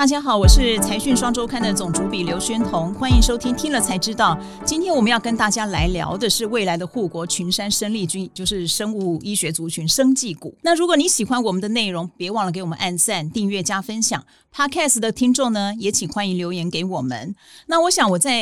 大家好，我是財訊雙週刊的總主筆劉軒彤，歡迎收聽《聽了財知道》。今天我們要跟大家來聊的是未來的護國群山生力軍，就是生物醫學族群生技股。那如果你喜歡我們的內容，別忘了給我們按贊、訂閱、加分享。Podcast 的聽眾呢，也請歡迎留言給我們。那我想我在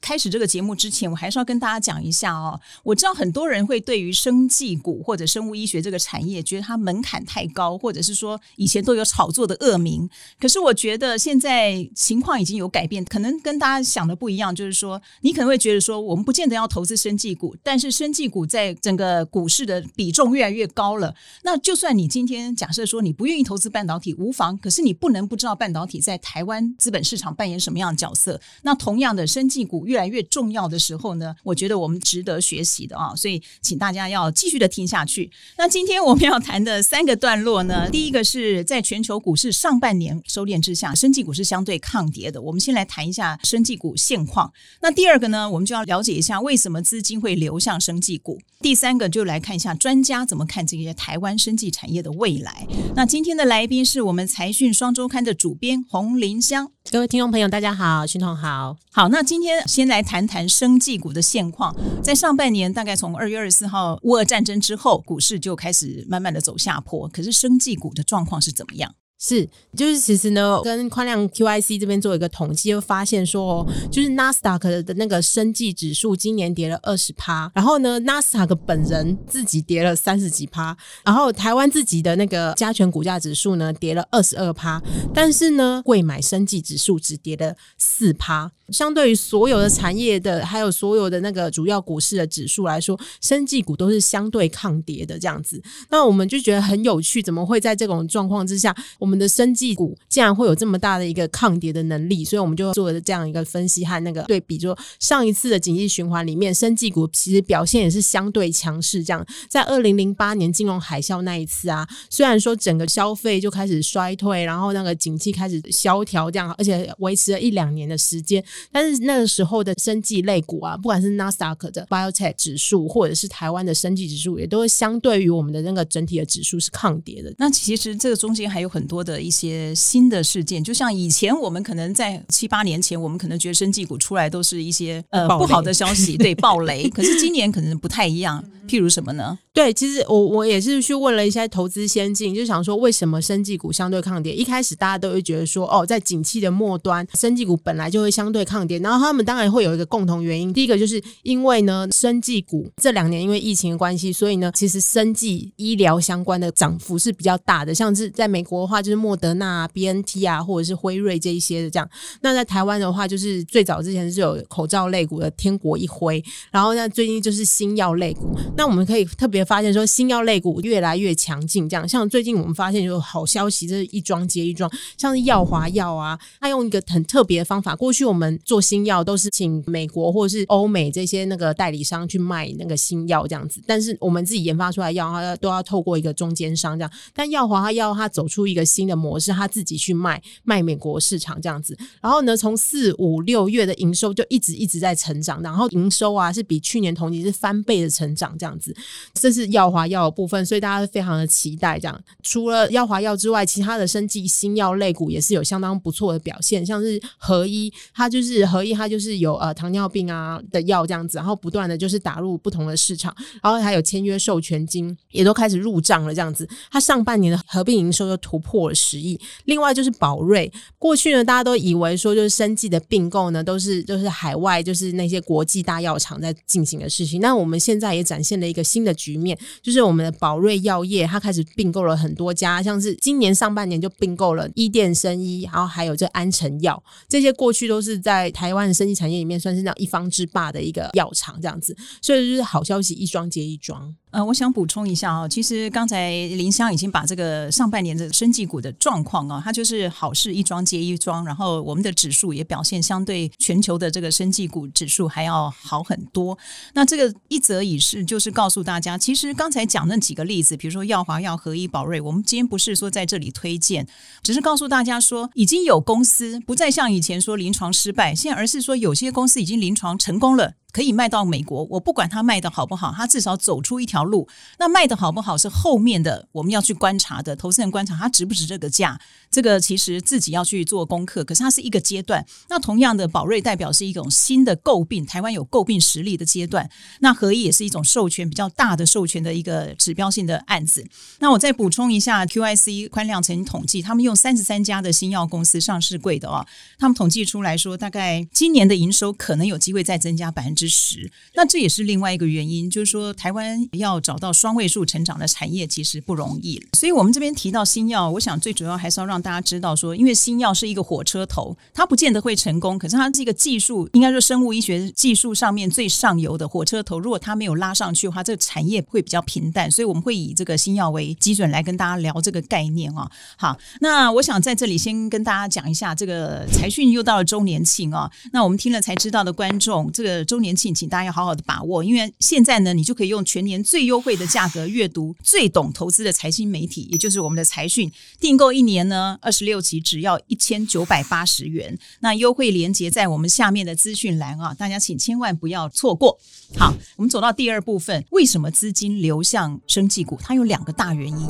開始這個節目之前，我還是要跟大家講一下哦。我知道很多人會對於生技股或者生物醫學這個產業，覺得它門檻太高，或者是說以前都有炒作的惡名。可是我覺得現在情況已經有改變，可能跟大家想的不一樣。就是說，你可能會覺得說，我們不見得要投資生技股，但是生技股在整個股市的比重越來越高了。那就算你今天假設說你不願意投資半導體無妨，可是你不能不知道。半導體在台灣資本市場扮演什麼樣的角色？那同樣的，生技股越來越重要的時候呢，我覺得我們值得學習的啊，所以請大家要繼續的聽下去。那今天我們要談的三個段落呢，第一個是在全球股市上半年收斂之下，生技股是相對抗跌的。我們先來談一下生技股現況。那第二個呢，我們就要了解一下為什麼資金會流向生技股。第三個就來看一下專家怎麼看這些台灣生技產業的未來。那今天的來賓是我們財訊雙周刊的主。主編洪綾襄，各位聽眾朋友，大家好，軒彤好，好，那今天先來談談生技股的現況。在上半年，大概從二月二十四號，烏俄戰爭之後，股市就開始慢慢的走下坡。可是生技股的狀況是怎麼樣？是，就是其實呢，跟寬量 QIC 這邊做一個統計，就發現說，哦，就是 NASDAQ 的那個生技指數今年跌了二十趴，然後呢，NASDAQ 本人自己跌了三十幾趴，然後台灣自己的那個加權股價指數呢跌了二十二趴，但是呢，櫃買生技指數只跌了四趴，相對於所有的產業的，還有所有的那個主要股市的指數來說，生技股都是相對抗跌的這樣子。那我們就覺得很有趣，怎麼會在這種狀況之下？我們的生技股竟然會有這麼大的一個抗跌的能力，所以我們就做了這樣一個分析和那個對比，說上一次的景氣循環裡面，生技股其實表現也是相對強勢。這樣，在二零零八年金融海嘯那一次啊，雖然說整個消費就開始衰退，然後那個景氣開始蕭條，這樣而且維持了一兩年的時間，但是那個時候的生技類股啊，不管是納斯達克的 biotech 指數，或者是台灣的生技指數，也都是相對於我們的那個整體的指數是抗跌的。那其實這個中間還有很多。多的一些新的事件，就像以前我們可能在七八年前，我們可能覺得生技股出來都是一些呃不好的消息，對，暴雷。 可是今年可能不太一樣。譬如什麼呢？對，其實我我也是去問了一些投資先進，就想說為什麼生技股相對抗跌？一開始大家都會覺得說，哦，在景氣的末端，生技股本來就會相對抗跌。然後他們當然會有一個共同原因，第一個就是因為呢，生技股這兩年因為疫情的關係，所以呢，其實生技醫療相關的漲幅是比較大的。像是在美國的話，就是莫德納啊、BNT 啊，或者是輝瑞這一些的這樣。那在台灣的話，就是最早之前是有口罩類股的天國一輝，然後那最近就是新藥類股。那我們可以特別發現，說新藥類股越來越強勁，這樣，像最近我們發現有好消息，這、就是一樁接一樁，像是藥華藥啊，他用一個很特別的方法。過去我們做新藥都是請美國或者是歐美這些那個代理商去賣那個新藥這樣子，但是我們自己研發出來藥啊，都要透過一個中間商這樣。但藥華他要他走出一個新的模式，他自己去賣賣美國市場這樣子。然後呢，從四五六月的營收就一直一直在成長，然後營收啊是比去年同期是翻倍的成長這樣。這樣子，這是藥華藥的部分，所以大家非常的期待。這樣，除了藥華藥之外，其他的生技新藥類股也是有相當不錯的表現，像是合一，它就是合一，它就是有呃糖尿病啊的藥這樣子，然後不斷的就是打入不同的市場，然後還有簽約授權金也都開始入賬了。這樣子，它上半年的合併營收就突破了十億。另外就是保瑞，過去呢大家都以為說就是生技的併購呢都是就是海外就是那些國際大藥廠在進行的事情，那我們現在也展現。的一個新的局面，就是我們的保瑞藥業，它開始併購了很多家，像是今年上半年就併購了伊甸生醫，然後還有這安成藥，這些過去都是在台灣的生技產業裡面算是那種一方之霸的一個藥廠，這樣子，所以就是好消息一樁接一樁。呃，我想補充一下哦，其實剛才綾襄已經把這個上半年的生技股的狀況哦，它就是好事一樁接一樁，然後我們的指數也表現相對全球的這個生技股指數還要好很多。那這個一則以喜就是，是告訴大家，其實剛才講那幾個例子，比如說藥華藥、合一、保瑞，我們今天不是說在這裡推薦，只是告訴大家說，已經有公司不再像以前說臨床失敗，現在而是說有些公司已經臨床成功了。可以賣到美國，我不管它賣的好不好，它至少走出一條路。那賣的好不好是後面的我們要去觀察的，投資人觀察它值不值這個價，這個其實自己要去做功課。可是它是一個階段。那同樣的，保瑞代表是一種新的購併，台灣有購併實力的階段。那合一也是一種授權比較大的授權的一個指標性的案子。那我再補充一下，QIC 寬量成統計，他們用三十三家的新藥公司上市櫃的哦，他們統計出來說，大概今年的營收可能有機會再增加百分之。十，那這也是另外一個原因，就是說台灣要找到雙位數成長的產業其實不容易了。所以，我們這邊提到新藥，我想最主要還是要讓大家知道說，說因為新藥是一個火車頭，它不見得會成功，可是它是一個技術，應該說生物醫學技術上面最上游的火車頭。如果它沒有拉上去的話，這個產業會比較平淡。所以，我們會以這個新藥為基準來跟大家聊這個概念啊。好，那我想在這裡先跟大家講一下，這個財訊又到了周年慶啊。那我們聽了才知道的觀眾，這個周年。請請大家要好好的把握，因為現在呢，你就可以用全年最優惠的價格閱讀最懂投資的財經媒體，也就是我們的財訊。訂購一年呢，二十六期只要一千九百八十元。那優惠連接在我們下面的資訊欄啊，大家請千萬不要錯過。好，我們走到第二部分，為什麼資金流向生技股？它有兩個大原因。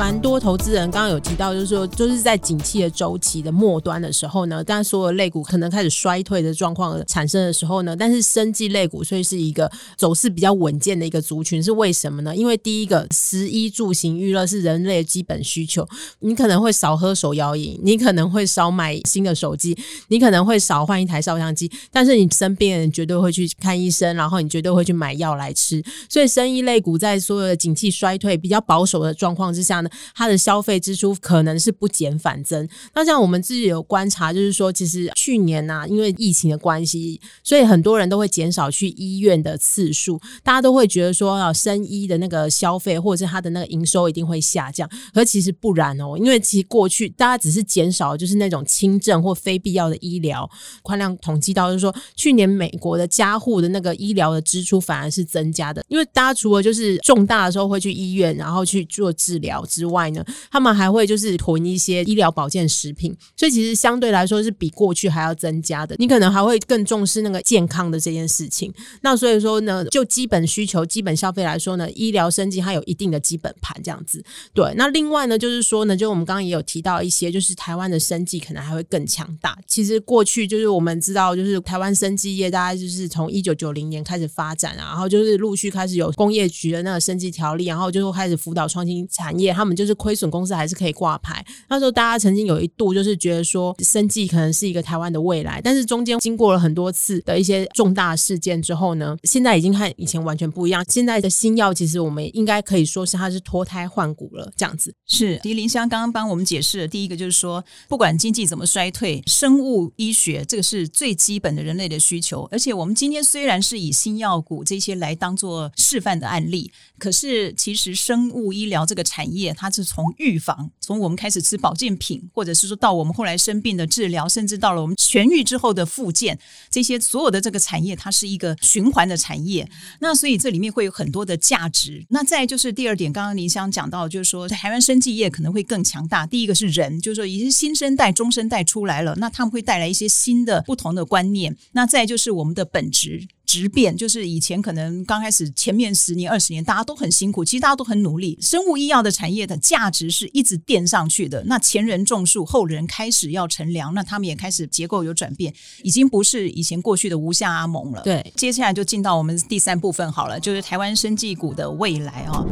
蠻多投資人剛剛有提到，就是說，就是在景氣的周期的末端的時候呢，當所有類股可能開始衰退的狀況產生的時候呢，但是生技類股，所以是一個走勢比較穩健的一個族群，是為什麼呢？因為第一個，食衣住行娛樂是人類的基本需求，你可能會少喝手搖飲，你可能會少買新的手機，你可能會少換一台照相機，但是你身邊人絕對會去看醫生，然後你絕對會去買藥來吃，所以生技類股在所有的景氣衰退比較保守的狀況之下呢。他的消費支出可能是不減反增。那像我們自己有觀察，就是說，其實去年吶、啊，因為疫情的關係，所以很多人都會減少去醫院的次數。大家都會覺得說、啊，生醫的那個消費或者是他的那個營收一定會下降。可其實不然哦，因為其實過去大家只是減少了就是那種輕症或非必要的醫療。寬量統計到就是說，去年美國的家戶的那個醫療的支出反而是增加的，因為大家除了就是重大的時候會去醫院，然後去做治療。之外呢，他們還會就是囤一些醫療保健食品，所以其實相對來說是比過去還要增加的。你可能還會更重視那個健康的這件事情。那所以說呢，就基本需求、基本消費來說呢，醫療生技它有一定的基本盤這樣子。對，那另外呢，就是說呢，就我們剛剛也有提到一些，就是台灣的生技可能還會更強大。其實過去就是我們知道，就是台灣生技業大概就是從一九九零年開始發展啊，然後就是陸續開始有工業局的那個生技條例，然後就開始輔導創新產業他們。就是虧損公司還是可以掛牌。那時候大家曾經有一度就是覺得說，生技可能是一個台灣的未來。但是中間經過了很多次的一些重大事件之後呢，現在已經和以前完全不一樣。現在的新藥其實我們應該可以說是它是脫胎換骨了。這樣子是綾襄剛剛幫我們解釋的第一個，就是說不管經濟怎麼衰退，生物醫學這個是最基本的人類的需求。而且我們今天雖然是以新藥股這些來當做示範的案例，可是其實生物醫療這個產業。它是從預防，從我們開始吃保健品，或者是說到我們後來生病的治療，甚至到了我們痊癒之後的復健，這些所有的這個產業，它是一個循環的產業。那所以這裡面會有很多的價值。那再就是第二點，剛剛綾襄講到，就是說台灣生技業可能會更強大。第一個是人，就是說已經新生代、中生代出來了，那他們會帶來一些新的、不同的觀念。那再就是我們的本質。質變就是以前可能剛開始前面十年二十年大家都很辛苦，其實大家都很努力。生物醫藥的產業的價值是一直墊上去的。那前人種樹，後人開始要乘涼，那他們也開始結構有轉變，已經不是以前過去的吳下阿蒙了。對，接下來就進到我們第三部分好了，就是台灣生技股的未來哦。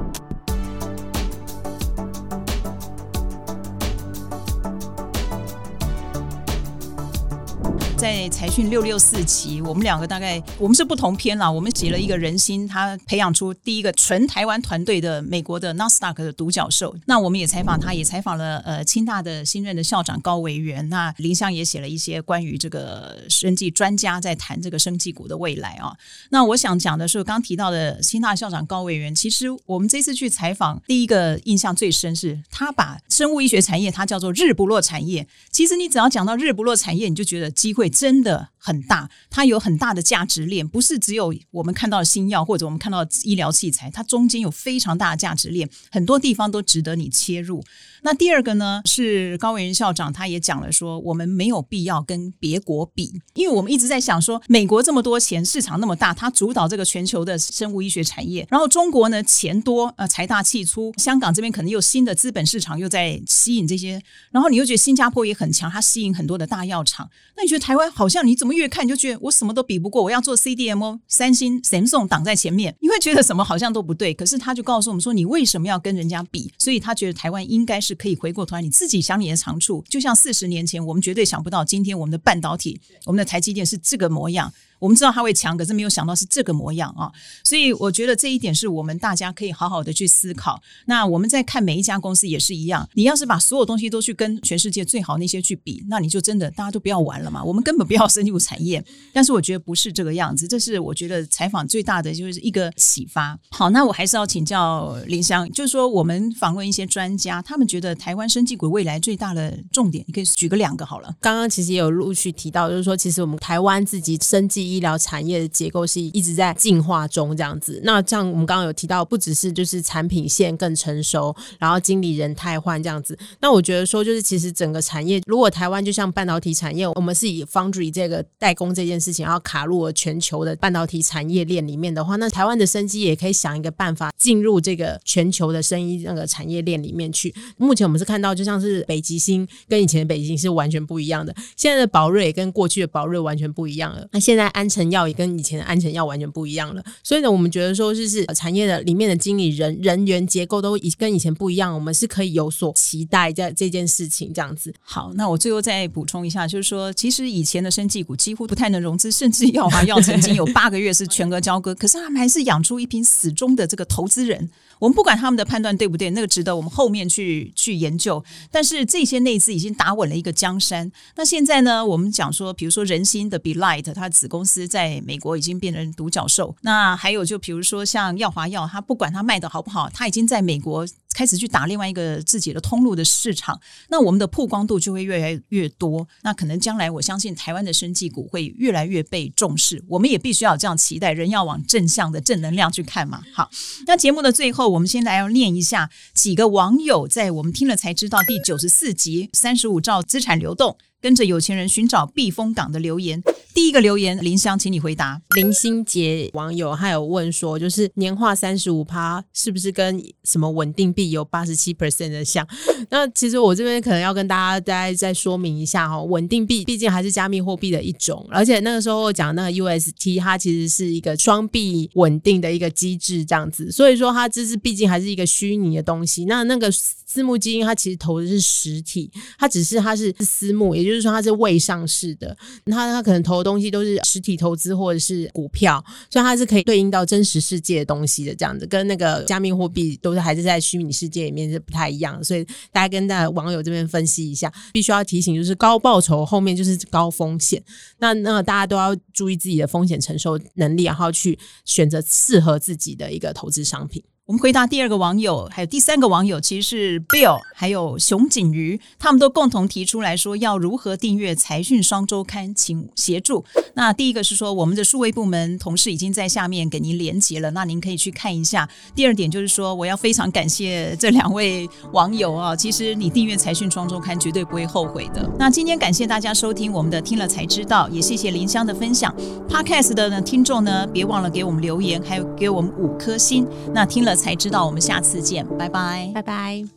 在財訊六六四期，我們兩個大概我們是不同篇啦。我們寫了一個人心，他培養出第一個純台灣團隊的美國的納斯達克的獨角獸。那我們也採訪他，也採訪了呃清大的新任的校長高為元。那綾襄也寫了一些關於這個生技專家在談這個生技股的未來啊、哦。那我想講的是，剛提到的清大的校長高為元，其實我們這次去採訪，第一個印象最深是他把生物醫學產業他叫做日不落產業。其實你只要講到日不落產業，你就覺得機會。真的。很大，它有很大的價值鏈，不是只有我們看到的新藥或者我們看到的醫療器材，它中間有非常大的價值鏈，很多地方都值得你切入。那第二個呢，是高維仁校長他也講了說，說我們沒有必要跟別國比，因為我們一直在想說，美國這麼多錢，市場那麼大，它主導這個全球的生物醫學產業，然後中國呢錢多，呃財大氣粗，香港這邊可能有新的資本市場又在吸引這些，然後你又覺得新加坡也很強，它吸引很多的大藥廠，那你覺得台灣好像你怎麼？越看你就覺得我什麼都比不過，我要做 CDMO，三星、Samsung 擋在前面，你會覺得什麼好像都不對。可是他就告訴我們說，你為什麼要跟人家比？所以他覺得台灣應該是可以回過頭來，你自己想你的長處。就像四十年前，我們絕對想不到今天我們的半導體、我們的台積電是這個模樣。我們知道他會強，可是沒有想到是這個模樣啊！所以我覺得這一點是我們大家可以好好的去思考。那我們在看每一家公司也是一樣，你要是把所有東西都去跟全世界最好那些去比，那你就真的大家都不要玩了嘛！我們根本不要生技產業。但是我覺得不是這個樣子，這是我覺得採訪最大的就是一個啟發。好，那我還是要請教綾襄，就是說我們訪問一些專家，他們覺得台灣生技股未來最大的重點，你可以舉個兩個好了。剛剛其實也有陸續提到，就是說其實我們台灣自己生技。醫療產業的結構是一直在進化中，這樣子。那像我們剛剛有提到，不只是就是產品線更成熟，然後經理人太換這樣子。那我覺得說，就是其實整個產業，如果台灣就像半導體產業，我們是以 foundry 這個代工這件事情，然後卡入了全球的半導體產業鏈裡面的話，那台灣的生機也可以想一個辦法進入這個全球的生意那個產業鏈裡面去。目前我們是看到，就像是北極星跟以前的北極星是完全不一樣的，現在的寶瑞跟過去的寶瑞完全不一樣了。那、啊、現在。安成藥也跟以前的安成藥完全不一樣了，所以呢，我們覺得說是，就是產業的裡面的經理人人員結構都已跟以前不一樣，我們是可以有所期待在這件事情這樣子。好，那我最後再補充一下，就是說，其實以前的生技股幾乎不太能融資，甚至藥華藥曾經有八個月是全額交割， 可是他們還是養出一批死忠的這個投資人。我們不管他們的判斷對不對，那個值得我們後面去去研究。但是這些內資已經打穩了一個江山。那現在呢，我們講說，比如說人心的 Be Light，它的子公司。在美國已經變成獨角獸。那還有就比如說像藥華藥，他不管他賣的好不好，他已經在美國開始去打另外一個自己的通路的市場。那我們的曝光度就會越來越多。那可能將來我相信台灣的生技股會越來越被重視。我們也必須要這樣期待，人要往正向的正能量去看嘛。好，那節目的最後，我們現在要念一下幾個網友在我們聽了才知道第九十四集三十五兆資產流動。跟着有錢人尋找避風港的留言，第一個留言綾襄，請你回答。林心杰網友還有問說，就是年化三十五趴是不是跟什麼穩定幣有八十七 percent 的像？那其實我這邊可能要跟大家再再說明一下哈、哦，穩定幣畢竟還是加密貨幣的一種，而且那個時候講那個 UST，它其實是一個雙幣穩定的一個機制這樣子，所以說它這是畢竟還是一個虛擬的東西。那那個。私募基金，它其實投的是實體，它只是它是私募，也就是說它是未上市的，它它可能投的東西都是實體投資或者是股票，所以它是可以對應到真實世界的東西的，這樣子跟那個加密貨幣都是還是在虛擬世界裡面是不太一樣的，所以大家跟在網友這邊分析一下，必須要提醒就是高報酬後面就是高風險，那那大家都要注意自己的風險承受能力，然後去選擇適合自己的一個投資商品。我們回答第二個網友，還有第三個網友，其實是 Bill 還有熊景瑜，他們都共同提出來說要如何訂閱《財訊雙周刊》，請協助。那第一個是說，我們的數位部門同事已經在下面給您連接了，那您可以去看一下。第二點就是說，我要非常感謝這兩位網友啊，其實你訂閱《財訊雙周刊》絕對不會後悔的。那今天感謝大家收聽我們的《聽了財知道》，也謝謝綾襄的分享。Podcast 的聽眾呢，別忘了給我們留言，還有給我們五顆星。那聽了。才知道，我們下次見，拜拜，拜拜。拜拜